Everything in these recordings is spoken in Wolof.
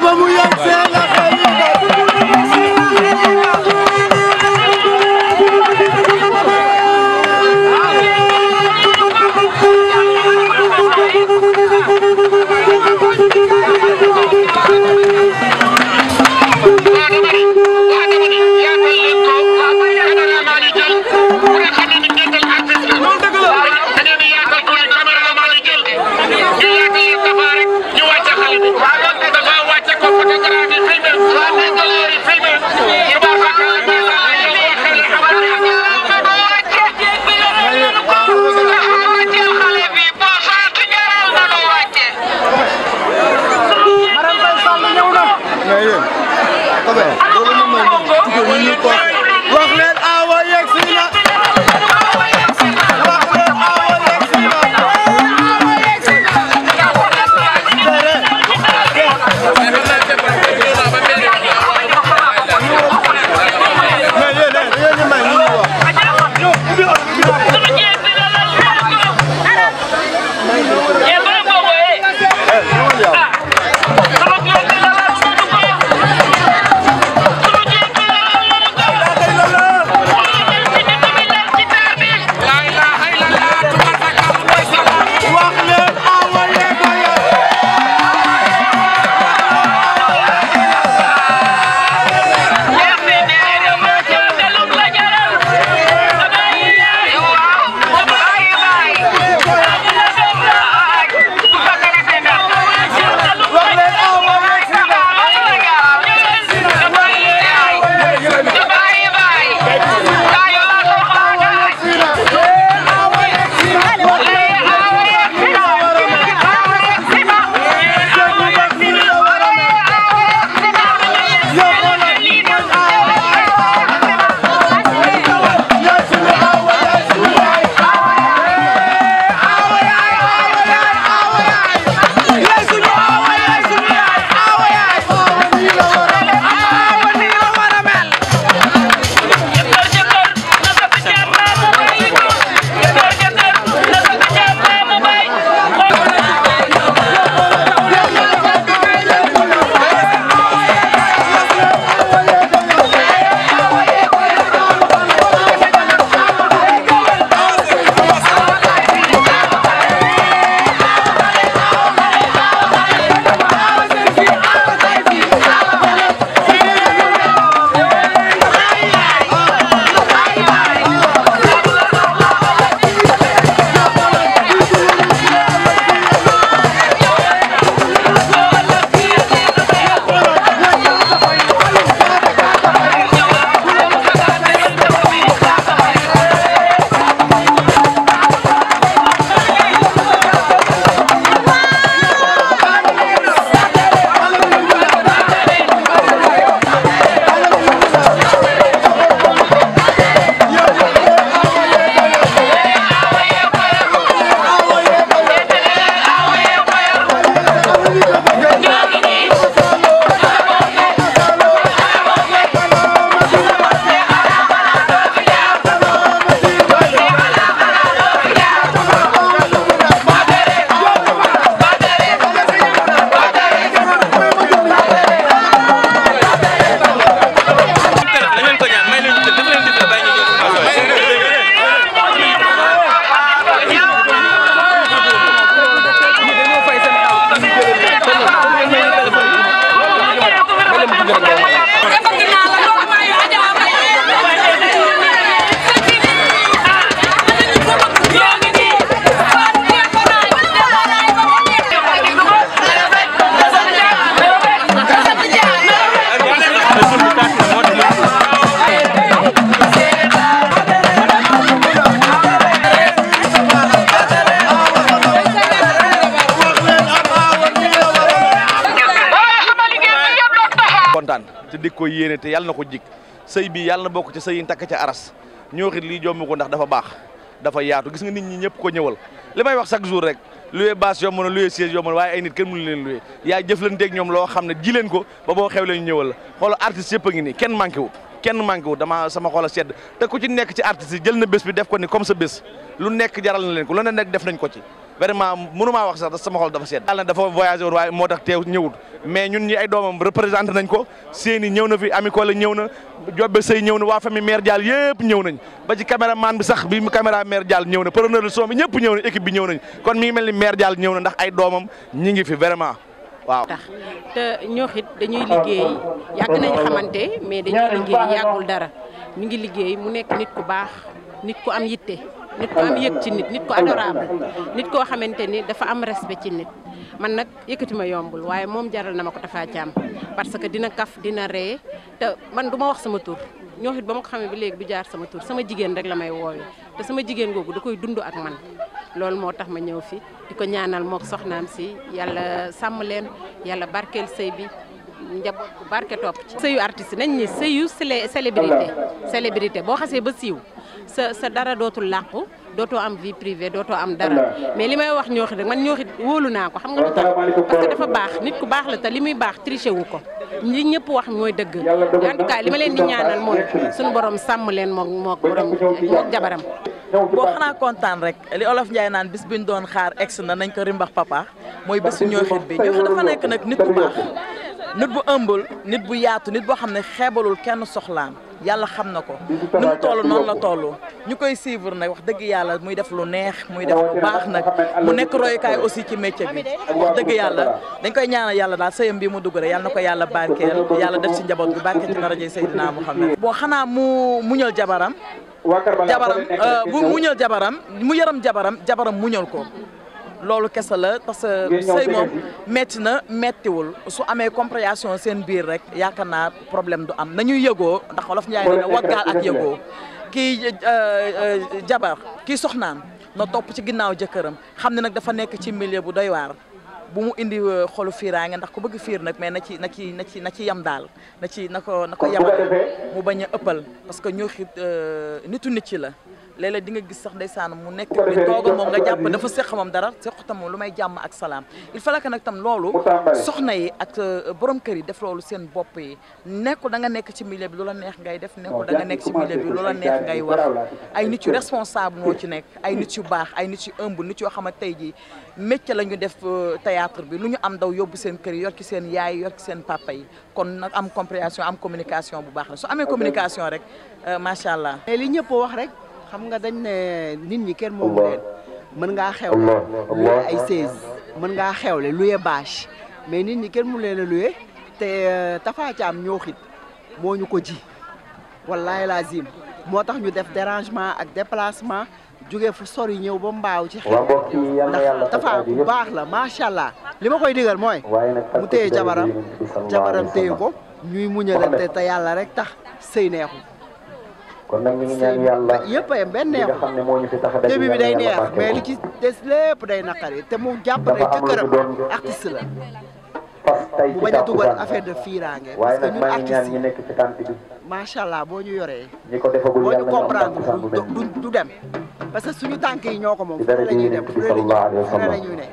Vamos, Yamsela! di ko yéene te yàlla na ko jik sëy bi yàlla na bokk ci sëy yi takk ca aras ñoo xit lii ndax dafa baax dafa yaatu gis nga nit ñi ñëpp ko ñëwal li may wax chaque jour rek loué bâche yomb na loué siège yomb na waaye ay nit kenn mënu leen loué yaa jëflanteeg ñoom loo xam ne ji leen ko ba boo xew leen ñëwal la xoolal artiste yëpp a ngi nii kenn manqué wu kenn manqué wu dama sama xolo sedd te ku ci nekk ci artiste yi jël na bés bi def ko ni comme sa bés lu nekk jaral na leen ko lu ne def nañ ko ci vraiment mënumaa wax sax da sama xol dafa sedd yàlla dafa voyagé woon waaye moo tax teew ñëwut mais ñun ñi ay doomam représenté nañ ko seeni ñëw na fi amiko la ñëw na jobbe sëy ñëw na waa famille mère Diall yëpp ñëw nañ ba ci caméraman bi sax bi caméra mère Diall ñëw na preneur de son bi ñëpp ñëw nañ équipe bi ñëw nañ kon mi ngi mel ni mère Diall ndax ay doomam ñi ngi fi vraiment waaw tax te ñoo xit dañuy liggéey yàgg nañ xamante mais dañuy liggéey yàggul dara ñu ngi liggéey mu nekk nit ku baax nit ku am yitte nit ko am yëg ci nit nit ko adorable nit koo xamante ni dafa am respect ci nit man nag yëkkati ma yombul waaye moom jaral na ma ko Tapha Thiam parce que dina kaf dina ree te man du ma wax sama tur ñoo xit ba ma ko xamee bi léegi du jaar sama tur sama jigéen rek la may woowee te sama jigéen googu da koy dund ak man loolu moo tax ma ñëw fi di ko ñaanal mook soxnaam si yàlla sàmm leen yàlla barkeel sëy bi njaboot bu barke topp ci sëyu artiste nañ ni sëyu célébrité célébrité boo xasee ba siiw sa dara dootul làqu dootoo am vie privée dootoo am dara mais li may wax ñooxi rek man ñooxi wóolu naa ko xam nga lu tax parce baax nit ku baax la li muy baax triché wu ko li ñëpp wax mooy dëgg en tout cas li ma leen di ñaanal mooy suñu borom sàmm leen moom mook borom mook jabaram boo xanaa kontaan rek olof Ndiaye naan bis buñ doon xaar ex na nañ ko rimbax papa mooy bisu ñooxit bi ñooxit dafa nekk nag nit ku baax nit bu ëmbul nit bu yaatu nit boo xam ne xeebalul kenn soxlaam yàlla xam na ko nu mu toll noonu la toll ñu koy suivre nag wax dëgg yàlla muy def lu neex muy def lu baax nag mu nekk royukaay aussi ci métier bi wax dëgg yàlla dañ koy ñaanal yàlla daal sëyam bi mu dugg rek yàlla na ko yàlla barkeel yàlla def ci njaboot bi barkeel ci daraja Seydina Muhammad boo xanaa mu muñal jabaram jabaram bu euh, muñal jabaram mu yaram jabaram jabaram mu muñal ko loolu kese la parce que sëy moom métti na méttiwul su amee compréhension seen biir rek yaakaar naa problème du am na ñuy yëgoo ndax wolof Njaay nee na waggaal ak yëgoo kii euh, euh, jabar kii soxnaam na topp ci ginnaaw jëkkëram xam ne nag dafa nekk ci milieu bu doy waar bu mu indi euh, xolu fiiraange ndax ku bëgg fiir nag mais na ci na ci na ci na ci yem daal na ci na ko na ko yemal mu bañ a ëppal parce que ñoo xit nitu nit ci la léeg-léeg di nga gis sax ndeysaan mu nekk ni tooga moom nga jàpp dafa séq moom dara séqutam moom lu may jàmm ak salaam il fallait nag tam loolu soxna yi ak euh, borom kër yi def loolu seen bopp yi nekkul danga nekk ci milieu bi lu neex ngay def nekkul da nga nekk ci milieu bi lu la neex ngay wax ay nit yu responsable moo ci nekk ay nit yu baax ay nit yu ëmb nit yoo xamante tey jii métier la ñu def euh, théâtre bi lu ñu am daw yóbbu seen kër yi yor ci seen yaay yor ci seen papa yi kon nag am compréhension am communication bu baax la su amee communication rek euh, macha allah mais li ñëpp wax rek xam nga dañ ne nit ñi kenn moomu leen mën ngaa xewle luye ay seize mën ngaa xewle luye bâche mais nit ñi kenn mu leen a luye te euh, Tapha Thiam ñooxit moo ñu ko ji wallaay lazim moo tax ñu def derangement ak déplacement jóge fu sori ñëw ba mbaaw ci xel ndax Tapha bu baax la macha allah li ma koy digal mooy mu téye jabaram jabaram téye ko ñuy muñalante te yàlla rek tax sey neexul kon nag ñu ngi ñaan yàlla a yem moo ñu day neex mais li ci des lépp day naqari te mu jàpp ne jëkkëram artiste la bu bañ a dugal affaire de fiiraange parce que ñun artiste yi macha allah boo ñu yoree boo ñu comprendre du dem parce que suñu tànk yi ñoo ko moom fu la ñuy dem fu la ñuy ne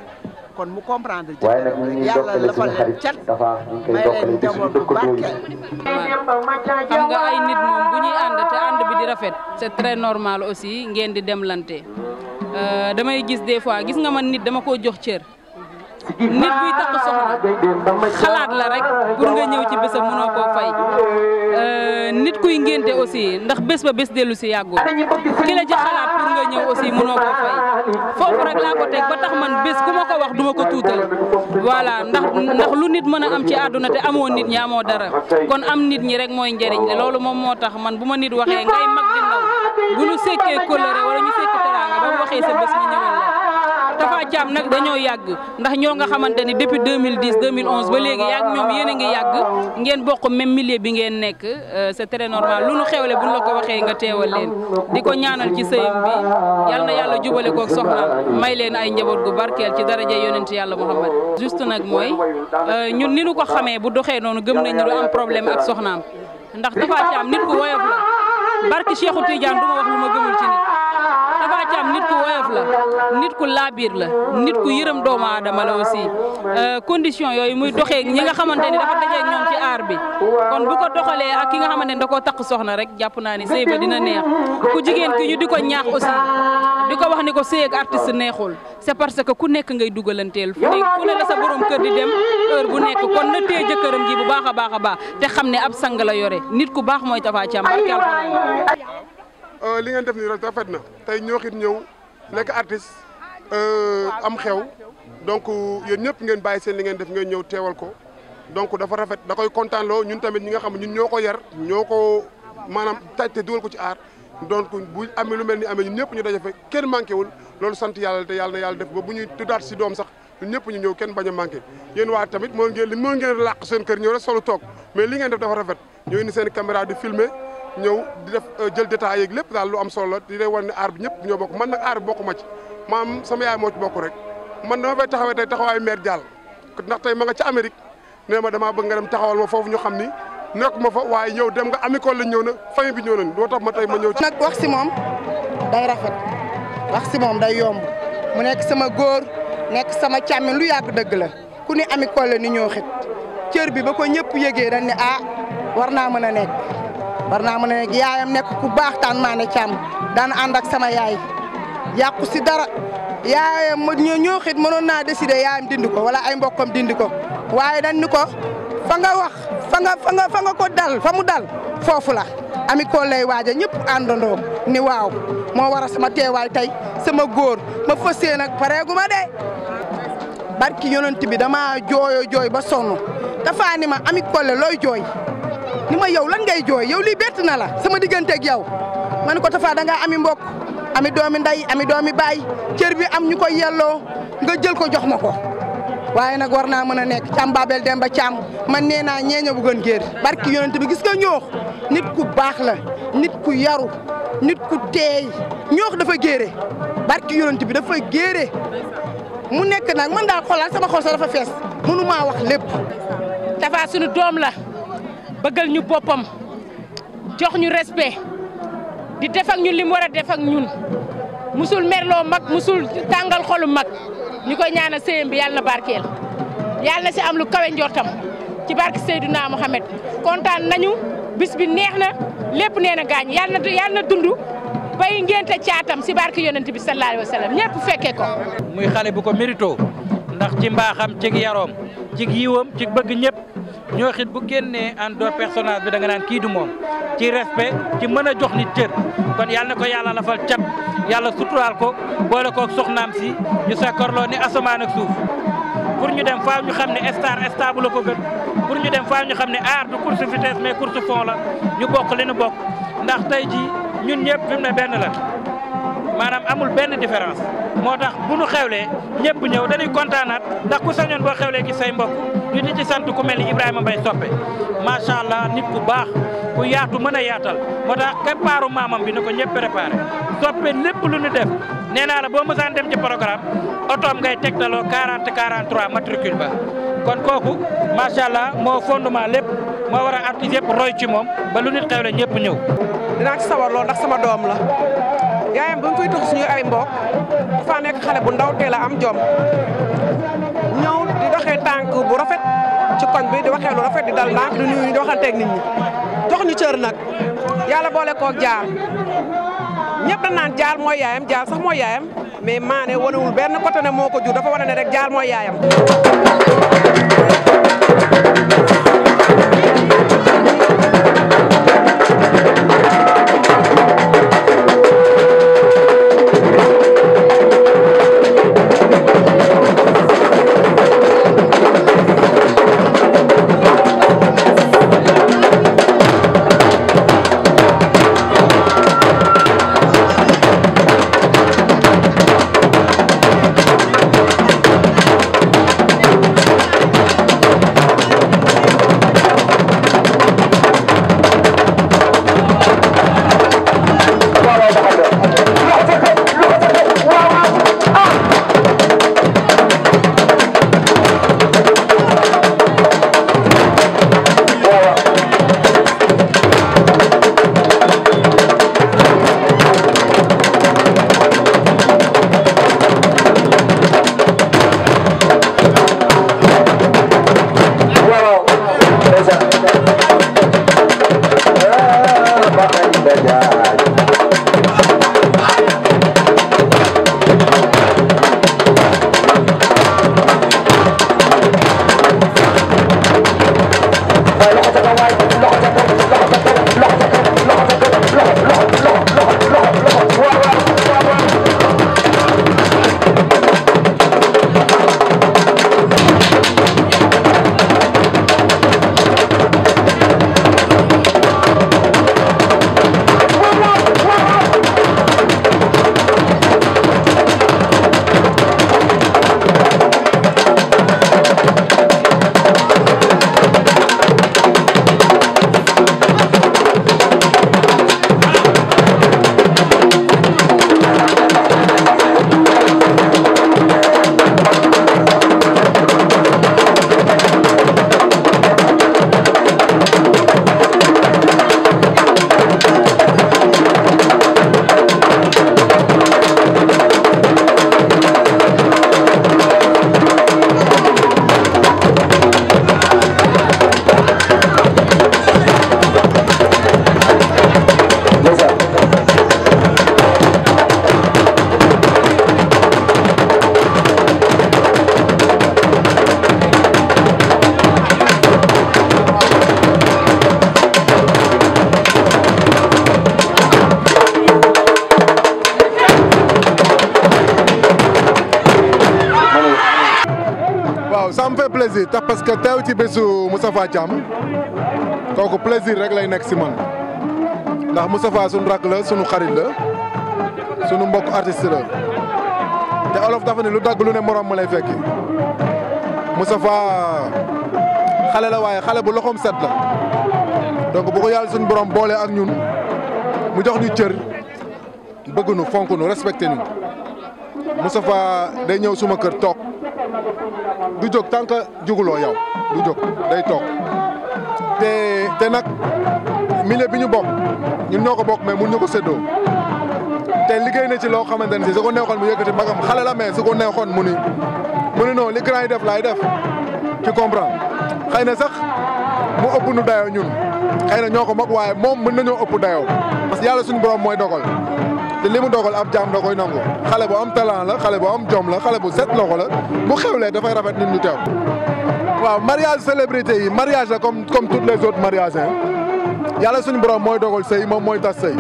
kon mu comprendre jë yàlla dafa leen cat may leen njaboot bu barkeel xam nga ay nit moom bu ñuy ànd te ànd bi di rafet c'est très normal aussi ngeen di demlante euh, damay gis des fois gis nga man nit dama koo jox cër nit buy takk soxna xalaat la rek pour nga ñëw ci bésam mënoo koo fay euh, nit kuy ngénte aussi ndax bés ba bés dellu si yàggul ki la ci xalaat pour nga ñëw aussi mënoo koo fay foofu rek laa ko teg ba tax man bés ku ma ko wax duma ko tuutal voilà ndax ndax lu nit mën a am ci àdduna te amoon nit ñi amoo dara kon am nit ñi rek mooy njëriñ li loolu moom moo tax man bu ma nit waxee ngay mag di ndaw bu ñu sekkee kóllëre wala ñu sekk teraanga ba waxee sa bés ñu waa Thiam nag dañoo yàgg ndax ñoo nga xamante ni depuis 2010 2011 ba léegi yàgg ñoom yéen a ngi yàgg ngeen bokk même milieu bi ngeen nekk euh, c'est très normal lu nu xewle bu nu la ko waxee nga teewal leen di ko ñaanal ci sëyam bi yal na yàlla jubale koog soxna may leen ay njaboot gu barkeel ci daraja yonent yàlla Muhammad juste nag mooy euh, ñun ni nu ko xamee bu doxee noonu gëm nañ ni du am problème ak soxnaam ndax Tapha Thiam nit ku woyof la barki Cheikhou Tidiane Tapha Thiam nit ku woyof la nit ku laabiir la nit ku yërëm doomu aadama la aussi euh, condition yooyu muy doxee ñi nga xamante ni dafa dajee ñoom ci aar bi kon bu ko doxalee ak ki nga xamante ni da koo takk soxna rek jàpp naa ni sëy ba dina neex ku jigéen ki ñu di ko ñaax aussi di ko wax ni ko sëy ak artiste neexul c'est parce que ku nekk ngay dugalanteel fu ne fu ne la sa borom kër di dem heure bu nekk kon na tee jëkkëram ji bu baax a baax a baax te xam ne ab sang la yore nit ku baax mooy Tapha Euh, li ngeen def nii rafet na tey ñoo xit ñëw nekk artiste euh, am xew donc euh, yéen ñëpp ngeen bàyyi seen li ngeen def ngeen ñëw teewal ko donc dafa rafet da koy kontaan ñun tamit ñi nga xam ñun ñoo ko yar ñoo ko maanaam taj te ko ci aar donc bu amee lu mel ni amee ñëpp ñu daje fa manqué wul loolu sant yàlla te yàlla yàlla def ba bu ñuy tuddaat si doom sax ñëpp ñu ñëw kenn bañ a manqué yéen waa tamit moo ngeen li moo ngeen làq seen kër ñëw rek solu toog mais li ngeen def dafa rafet ñoo indi seen caméra di filmer ñëw di def euh, jël détails yeeg lépp daal lu am solo di lay wan ne aar bi ñëpp ñoo bokk man nag aar bi bokku ma ci maam sama yaay moo ci bokk rek man dama fay taxawee tey taxawaayu maire Diall ndax tey ma nga ca Amérique nee ma damaa bëgg nga dem taxawal ma foofu ñu xam ni nekk ma fa waaye ñëw dem nga amicole la ñëw na famille bi ñëw na doo tax ma ma ñëw ci nag wax si moom day rafet wax si moom day yomb mu nekk sama góor nekk sama càmmi lu yàgg dëgg la ku ni amicole la ni ñëw xit cër bi ba ko ñëpp yëgee dañ ne ah war naa mën a nekk warna naa mën a nekk yaayam nekk ku baax ya maa ne càmm daan ànd sama yaay yàqu si dara yaayam ma ñoo ñoo xit mënoon naa décider yaayam dinduko wala ay mbokkam dinduko ko dan dañ ni ko fa nga wax fa nga fa nga fa nga ko dal fa mu dal ni wau moo wara sama teewaay tay sama góor ma fas yéene nag pareegu barki yonent bi dama jooyo joy ba ma ami ko loy joy ni ma yow lan ngay jooy yow li bett na la sama digganteeg yow ma ne ko Tafa da ngaa ami am ami doomi nday ami doomi baay cër bi am ñu koy yelloo nga jël ko jox ma ko. waaye nag war naa mën a nekk càmm Babel Demba Thiam man nee naa ñeeño bu gën géer barki yonent bi gis nga ñoox nit ku baax la nit ku yaru nit ku teey ñoox dafa géere barki yonent bi dafa géere mu nekk nag man daal xoolal sama xol dafa fees mënu maa wax lépp Tafa suñu doom la. bëggal ñu bopam jox ñu respect di def ak ñun lim wara def ak ñun musul merlo mak musul tangal xolum mak ñukoy ñaanal seyem bi yalla barkel yalla ci si am lu kawé ndortam ci barke Seydina Mohamed kontan nañu bis bi neexna lepp neena gañ yalla yalla dundu na yàlla bay si barke yonnati bi sallallahu alaihi wasallam ñepp ñëpp ko. muy xalé bu ko mérito ndax ci mbaxam ci yarom ci yiwam ci bëgg ñepp ñoo xit bu génnee en dehors personnage bi danga naan kii du moom ci respe ci mën a jox ni cër kon yàlla na ko yàlla lafal cat yàlla suturaal ko boole koog soxnaam si ñu sakkorloo ni asamaan ak suuf pour ñu dem faaw ñu xam ne star stable la ko gën pour ñu dem faaw ñu xam ne aar du course vitesse mais course fond la ñu bokk li ñu bokk ndax tey ji ñun ñëpp fi mu ne benn la maanaam amul benn différence moo tax bu xew xewlee ñëpp ñëw dañuy kontaanaat ndax ku sañoon boo xewlee gis say mbokk ñu di sant ku mel ni Ibrahima Mbaye Soppe macha allah nit ku baax ku yaatu mën a yaatal moo tax keppaaru maamam bi na ko ñëpp préparé soppe lépp lu ñu def nee naa la boo mësaan dem ci programme otoom ngay tegtaloo 40 43 matricule ba kon kooku macha allah moo fondement lépp moo war a artiste yëpp roy ci moom ba lu nit xewle ñëpp ñëw. dinaa ci sawar ndax sama doom la yaayam bu ñu koy tuxu suñu ay mbokk dafa nekk xale bu ndaw teel a am jom. doxee tànk bu rafet ci koñ bi di waxee lu rafet di dal ndànk di nuyu di waxanteeg nit ñi jox ñu cër nag yàlla boole koog jaar ñëpp dañ naan jaar mooy yaayam jaar sax mooy yaayam mais maane wanewul benn côté ne moo ko jur dafa wane ne rek jaar mooy yaayam. Moustapha Thiam kooku plaisir rek lay nekk si man ndax Moustapha sunu rakk la sunu xarit la sunu mbokk artiste la te olof dafa ne lu dagg lu ne morom ma lay fekki Moustapha xale la waaye xale bu loxoom set la donc bu ko yàlla suñu borom boole ak ñun mu jox ñu cër bëgg nu fonk nu respecté nu day ñëw suma kër toog du jóg tant que juguloo yow. du jóg day toog te te nag milieu bi ñu bokk ñun ñoo ko bokk mais mun ñu ko séddoo te liggéey na ci loo xamante ne si su ko neexoon mu yëkkati magam xale la mais su ko neexoon mu ni mu ni non li grand yi def laay def ci comprendre xëy na sax mu ëpp nu dayoo ñun xëy na ñoo ko mag waaye moom mën nañoo ëpp dayoo parce que yàlla suñu borom mooy dogal te li mu dogal ab jaam da koy nangu xale bu am talent la xale bu am jom la xale bu set loxo la bu xewlee dafay rafet nit ñu teew waaw mariage célébrité yi mariage la comme comme toutes les autres mariages hein yàlla suñu borom mooy dogal sëy moom mooy tas sëy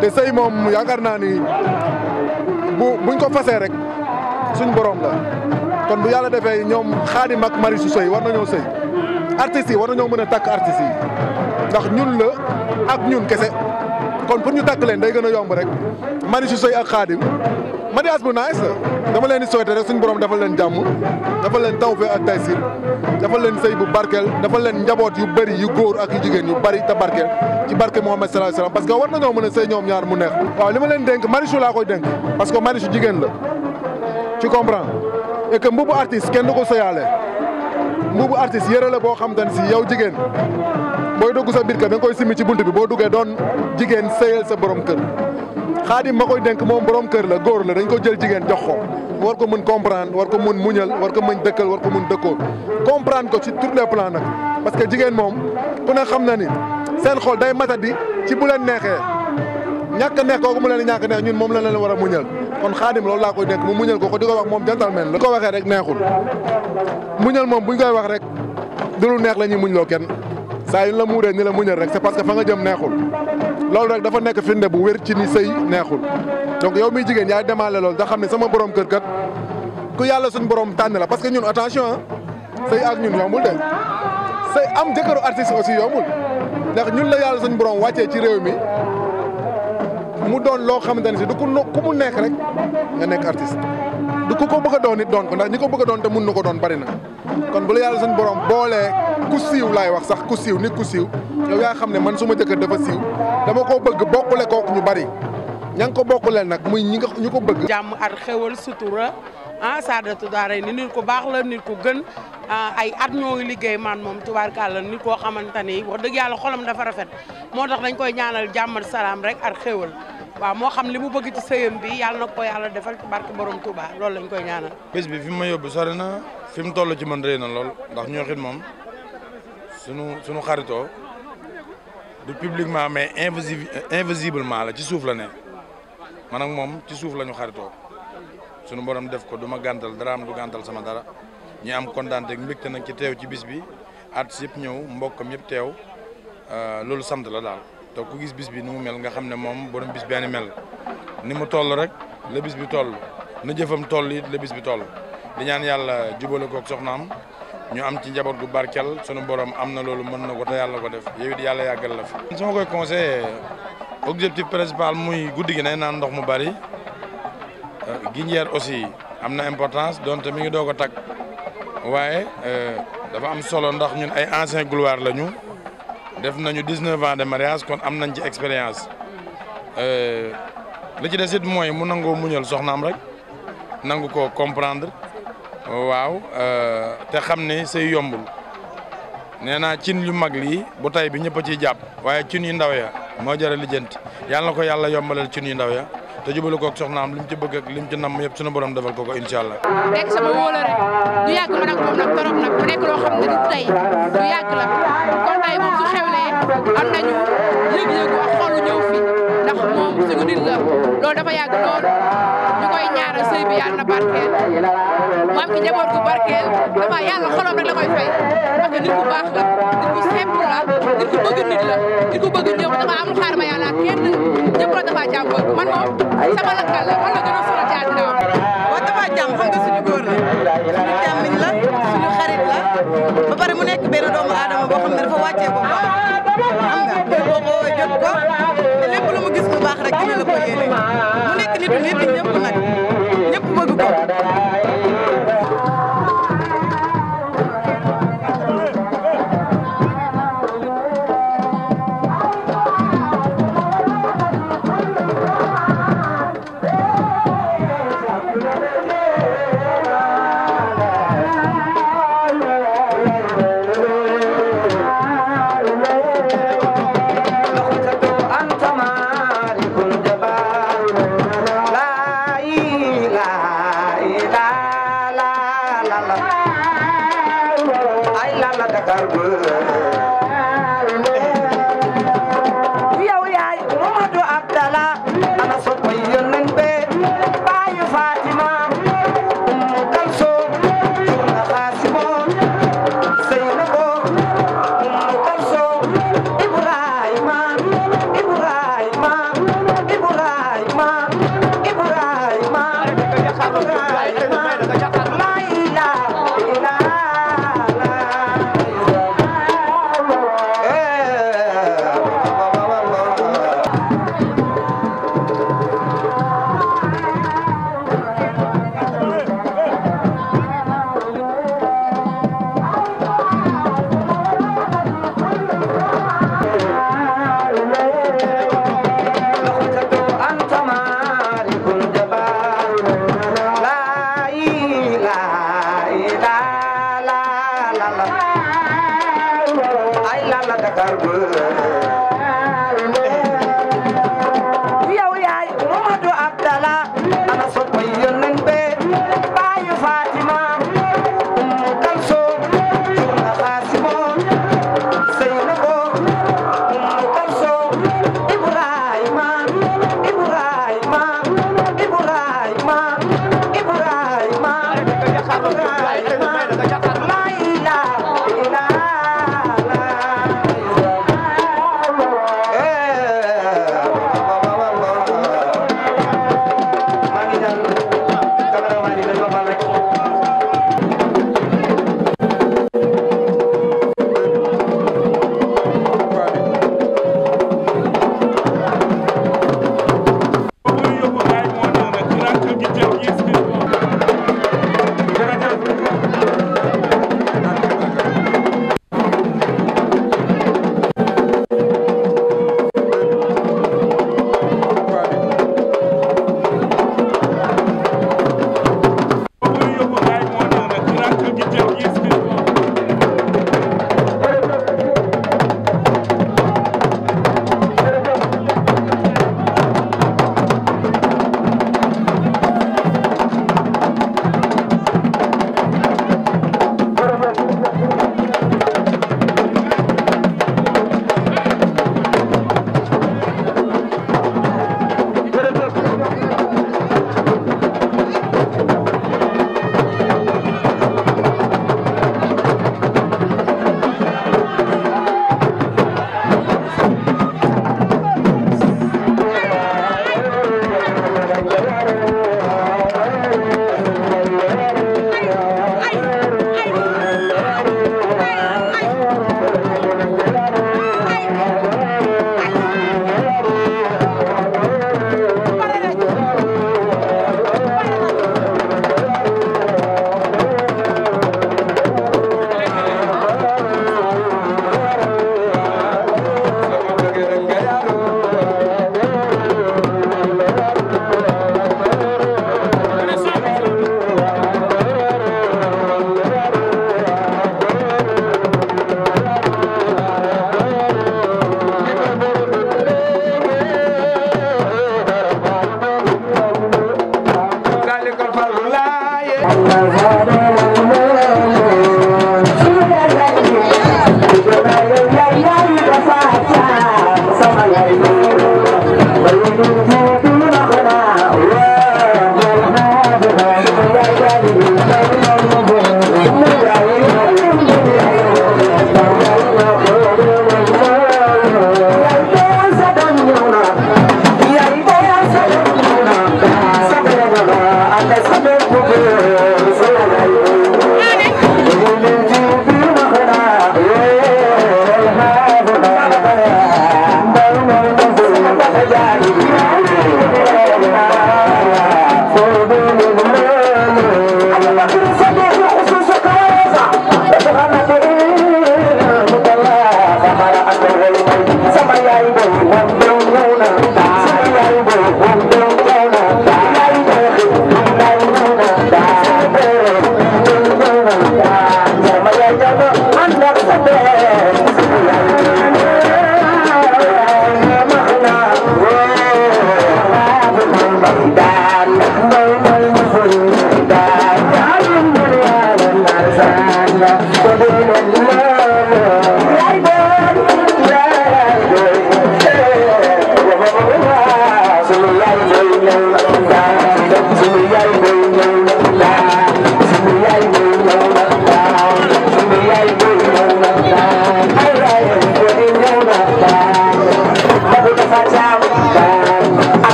te sëy moom yaakaar naa ni bu buñ ko fasee rek suñu borom la kon bu yàlla defee ñoom Xaadim ak mari su sëy war nañoo sëy artistes yi war nañoo mën a takk artistes yi ndax ñun la ak ñun kese kon pour ñu takk leen day gën a yomb rek mari su sëy ak Xaadim mariage bu nice la dama leen di souhaité rek suñu borom dafa leen jàmm dafa leen tawfeex ak taysir dafa leen sëy bu barkeel dafa leen njaboot yu bëri yu góor ak yu jigéen yu bari te barkeel ci barke Muhammad sallallahu alayhi parce que war nañoo mën a sëy ñoom ñaar mu neex waaw li ma leen dénk Marichou laa koy dénk parce que Marichou jigéen la tu comprends et que mbubu artiste kenn du ko sëyaale mbubu artiste yëre la boo xam te ne si yow jigéen booy dugg sa biir kër nga koy simi ci bunt boo duggee doon jigéen sëyal sa borom kër xaadim ma koy dénk moom borom kër la góor la dañ ko jël jigéen jox ko war ko mën comprendre war ko mën muñal war ko mën dëkkal war ko mën dëkkoo comprendre ko ci tout les plans nak parce que jigen mom ku ne xam na ni seen xol day matadi ci bu len nexé ñak neex ko mu len ñak neex ñun mom la leen wara muñal kon khadim lool la koy dénk mu muñal ko ko diko wax mom gentleman la ko waxee rek nexul muñal mom buñ koy wax rek du lu neex muñ lo kenn sa yu la muuree ni la muñal rek c'est parce que fa nga jëm nexul loolu rek dafa nekk firnde bu wér ci ni sëy neexul donc yow miy jigéen yaay demaale loolu da xam ne sama borom kër kat ku yàlla suñu borom tànn la parce que ñun attention ah sëy ak ñun yombul de sëy am jëkkëru artiste aussi yombul ndax ñun la yàlla suñu borom wàccee ci réew mi mu doon loo xamante ne si du ku mu nekk rek nga nekk artiste. du ku ko bëgg a doon it doon ko ndax ñi ko bëgg a doon mun na ko doon bari na kon bu la yàlla seen borom boolee ku siiw laay wax sax ku siiw nit ku siiw yow yaa xam ne man suma jëkkër dafa siiw dama koo bëgg bokkule kooku ñu bari ña ko ko leen nag muy ñi nga ñu ko bëgg. jàmm ar xewal sutura. ah Saadatu ni nit ku baax la nit ku gën ah, ay at ñoo ngi liggéey man moom tubaarkàlla nit koo xamante ni wax dëgg yàlla xolam dafa rafet moo tax dañ koy ñaanal jàmm salaam rek ak xéwal waaw moo xam li mu bëgg ci sëyam bi yàlla na ko yàlla defal ci barke borom Touba loolu lañ koy ñaanal. bés bi fi mu ma yóbbu sori na fi mu toll ci man rëy na lool ndax ñoo xit moom sunu sunu xaritoo du publiquement mais invisible invisiblement la ci suuf la ne man ak moom ci suuf la ñu xaritoo. sunu borom def ko duma gantal dara am du gantal sama dara ñi am contante ak mbikté nañ ci teew ci bis bi artiste ñew mbokam euh lolu sant la dal to ku gis bis bi nu mel nga xam mom borom bis bi ani mel ni mu toll rek le bis bi toll na jëfam toll it le bis bi toll di ñaan yàlla ko ak soxnam ñu am ci njabot gu barkel sunu borom am na mën na ko ta yalla ko def yow it yàlla yàggal la fi. sama koy conseil objectif principal muy guddigi ne na ndox mu bari. Euh, ginjeer aussi am na importance donte mi ngi doog a tag waaye euh, dafa am solo ndax ñun ay ancien gloire la ñu def nañu 19 ans de mariage kon am nañ ci expérience euh, li ci des it mooy mu nangoo muñal soxnaam rek nangu ko comprendre waaw te xam ne say yombul nee na cin yu mag lii bu tay bi ñëpp a ciy jàpp waaye cin yu ndaw ya moo jëra lijjanti yàlla na ko yàlla yombalal cin yu ndaw ya te jubale koog soxnaam li ci bëgg ak li mu ci namm yëpp suñu borom defal ko ko incha allah. nekk sama wóola rek du yàgg ma nag moom nag torop nag mu nekk loo xam ne du tey du yàgg la kon tey moom su xewlee am nañu yëg-yëgu ak xolu ñëw fi. moom bisu nit la loolu dafa yàgg loolu ñu koy ñaanal sëy na barkeel mu am ci njaboot gu barkeel dafa yàlla xolom rek la koy fay parce que nit ku baax la nit ku simple la la nit ku bëgg ñëpp dafa amul xaar ma dafa jàmbur man moom sama lakkal la man la a la suñu jàmmiñ xarit la ba pare mu nekk benn doomu aadama boo xam ne dafa wàccee boppam rek dina la ko yéene mu nekk nitu nit ñëpp nag ñëpp bëgg ko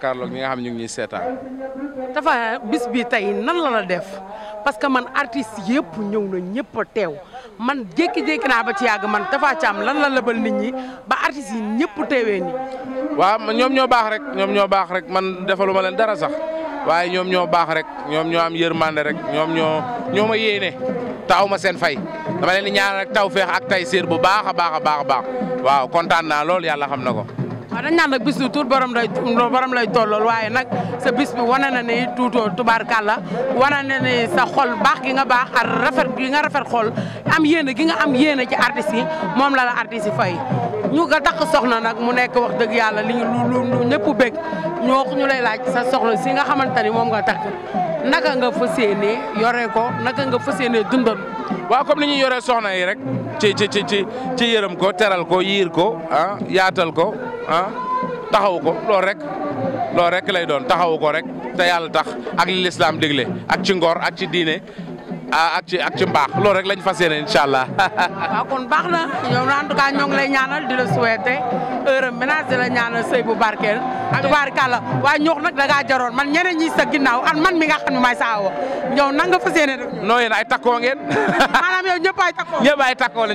jàkkaarloog ñi nga ñu ngi seetaan. dafa bis bi tey nan la la def parce que man artiste yëpp ñëw na ñëpp teew man jékki-jékki naa ba ci yàgg man Tapha Thiam lan la labal nit ñi ba artistes yi ñëpp teewee nii. waaw ñoom ñoo baax rek ñoom ñoo baax rek man defaluma leen dara sax waaye ñoom ñoo baax rek ñoom ñoo am yërmande rek ñoom ñoo ñoo ma yéene taw ma seen fay dama leen di ñaanal rek taw feex ak tay séer bu baax a baax a baax a baax waaw kontaan naa lool yàlla xam na ko. waaw dañ naan nag bis bi tur borom lay lay tollool waaye nag sa bis bi wane na ni tuutoo tubaarkàlla wane na ni sa xol baax gi nga baax ak rafet gi nga rafet xol am yéene gi nga am yéene ci artistes yi moom la la artistes yi fay ñu ga takk soxna nag mu nekk wax dëgg yàlla li ñu lu lu ñëpp bég ñoo ñu lay laaj sa soxna si nga xamante ni moom nga takk naka nga fas yéenee yore ko naka nga fas yéenee dundal waaw comme ni ñuy yoree soxna yi rek ci ci ci ci yërëm ko teral ko yiir ko ah yaatal ko ah taxaw ko lo rek lo rek lay doon taxaw ko rek te yalla tax ak l'islam lislaam ak ci ngor ak ci diiné ak ci ak ci mbax lo rek lañ fas inshallah incha kon baax na ñoom en tout cas ñong lay ñaanal di le souhaiter heureux ménage di la ñaanal sey bu barkeel. tubaarkàlla wa ñox nak da nga jaroon man ñeneen ñi sa ginnaw ak man mi nga xam ne maay saa woo ñoom nan nga fas yéene def. ay takko ngeen. manam yow ñepp ay takko ñepp ay takko